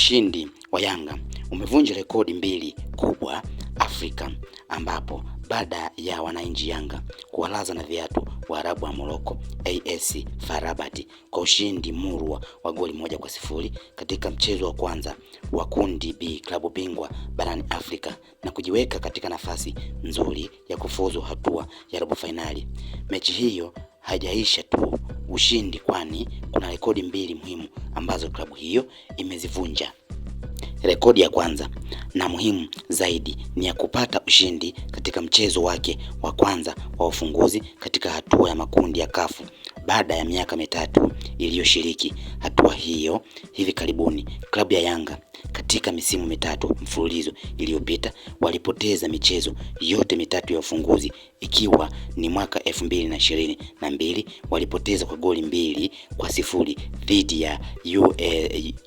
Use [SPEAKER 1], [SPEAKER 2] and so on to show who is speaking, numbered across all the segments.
[SPEAKER 1] Ushindi wa Yanga umevunja rekodi mbili kubwa Afrika, ambapo baada ya wananchi Yanga kuwalaza na viatu Waarabu wa Morocco AS Farabat kwa ushindi murwa wa goli moja kwa sifuri katika mchezo wa kwanza wa kundi B klabu bingwa barani Afrika na kujiweka katika nafasi nzuri ya kufuzu hatua ya robo fainali. Mechi hiyo haijaisha tu ushindi, kwani kuna rekodi mbili muhimu ambazo klabu hiyo imezivunja. Rekodi ya kwanza na muhimu zaidi ni ya kupata ushindi katika mchezo wake wa kwanza wa ufunguzi katika hatua ya makundi ya kafu baada ya miaka mitatu iliyoshiriki hatua hiyo. Hivi karibuni klabu ya Yanga katika misimu mitatu mfululizo iliyopita walipoteza michezo yote mitatu ya ufunguzi, ikiwa ni mwaka elfu mbili na ishirini na mbili walipoteza kwa goli mbili kwa sifuri dhidi ya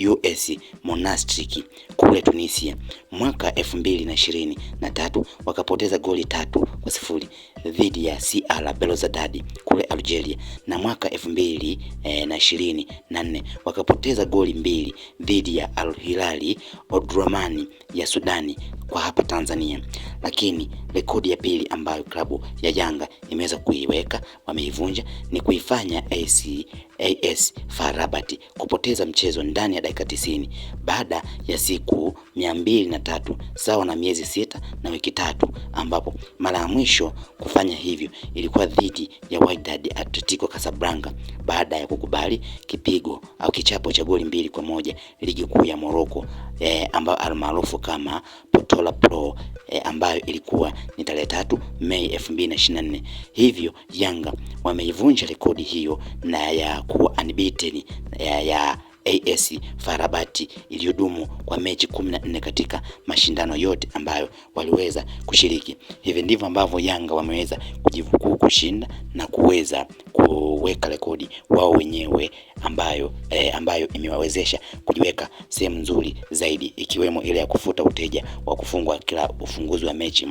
[SPEAKER 1] US Monastic kule Tunisia mwaka elfu mbili na ishirini na tatu wakapoteza goli tatu kwa sifuri dhidi ya CR Belouizdad kule Algeria, na mwaka elfu mbili eh, na ishirini na nne wakapoteza goli mbili dhidi ya Al Hilali Odramani ya Sudani kwa hapa Tanzania lakini rekodi ya pili ambayo klabu ya Yanga imeweza kuiweka wameivunja ni kuifanya AC, AS FAR Rabat kupoteza mchezo ndani ya dakika tisini baada ya siku mia mbili na tatu sawa na miezi sita na wiki tatu, ambapo mara ya mwisho kufanya hivyo ilikuwa dhidi ya Wydad Atletico Casablanca baada ya kukubali kipigo au kichapo cha goli mbili kwa moja ligi kuu ya Morocco eh, ambayo almaarufu kama Motorola Pro e, ambayo ilikuwa ni tarehe tatu Mei 2024. Hivyo Yanga wameivunja rekodi hiyo na ya kuwa unbeaten ya, ya AS Farabati iliyodumu kwa mechi 14 katika mashindano yote ambayo waliweza kushiriki. Hivi ndivyo ambavyo Yanga wameweza kujivuku kushinda na kuweza kuweka rekodi wao wenyewe ambayo, e, ambayo imewawezesha kujiweka sehemu nzuri zaidi ikiwemo ile ya kufuta uteja wa kufungwa kila ufunguzi wa mechi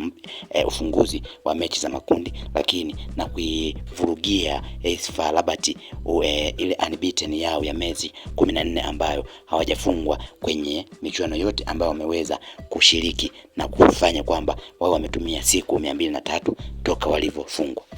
[SPEAKER 1] e, ufunguzi wa mechi za makundi, lakini na kuivurugia eh, farabati uh, eh, ile unbeaten yao ya mechi kumi na nne ambayo hawajafungwa kwenye michuano yote ambayo wameweza kushiriki na kufanya kwamba wao wametumia siku mia mbili na tatu toka walivyofungwa.